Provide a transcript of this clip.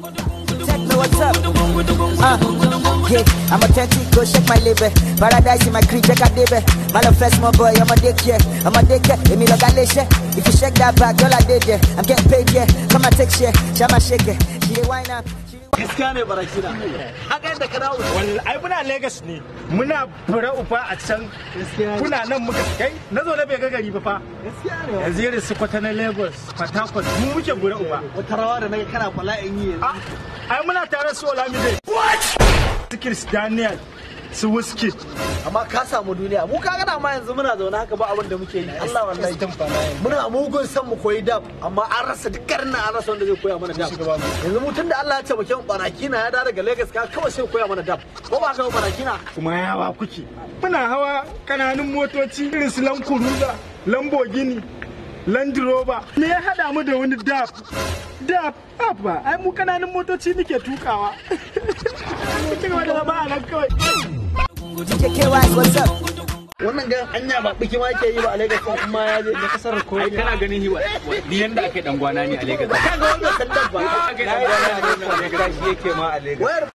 Techno, what's up? Uh, yeah, I'm authentic, go check my liver. Paradise in my crib, check out baby. Manifest my boy, I'm a dick, yeah. I'm a dick, yeah. Emi lo If you check that back, all I did, yeah. I'm getting paid, yeah. Come and take shit, shama shake, yeah. Eh, why gaskiya ne barakina haka yadda ka dawo wallahi ai muna Lagos ne muna fura ufa a can kuna nan muka kai na zo na bai ga gari ba fa gaskiya ne yanzu irin su kwata na Lagos Port mu muke fura ufa wata rawa da naga kana bala'in yi yanzu ah, ai muna tare su Olamide what Sikris Daniel su wuske amma ka samu duniya mu kaga da ma yanzu muna zaune haka ba abin da muke yi Allah wallahi muna mugun san mu koyi dab amma an rasa dukkan n'an an rasa wanda zai koya mana dab yanzu mu tunda Allah ya ce bakin baraki na ya da daga Lagos ka kawai sai koya mana dab ko ba ka baraki na kuma yawa kuke muna hawa kananun motoci irin su lankuruza lambogini Land Rover me ya hada mu da wani dab dab abba ai mu kananun motoci nike tukawa mu da ba a nan kawai KKY what's up? wannan garin anya ba biki ma yake yi ba a Lagos ko kuma ya je da kasar ko ai kana ganin hiwa ni yanda ake dan gwana ne a Lagos kaga wannan sallar ba kaga dan gwana ne a Lagos shi yake ma a Lagos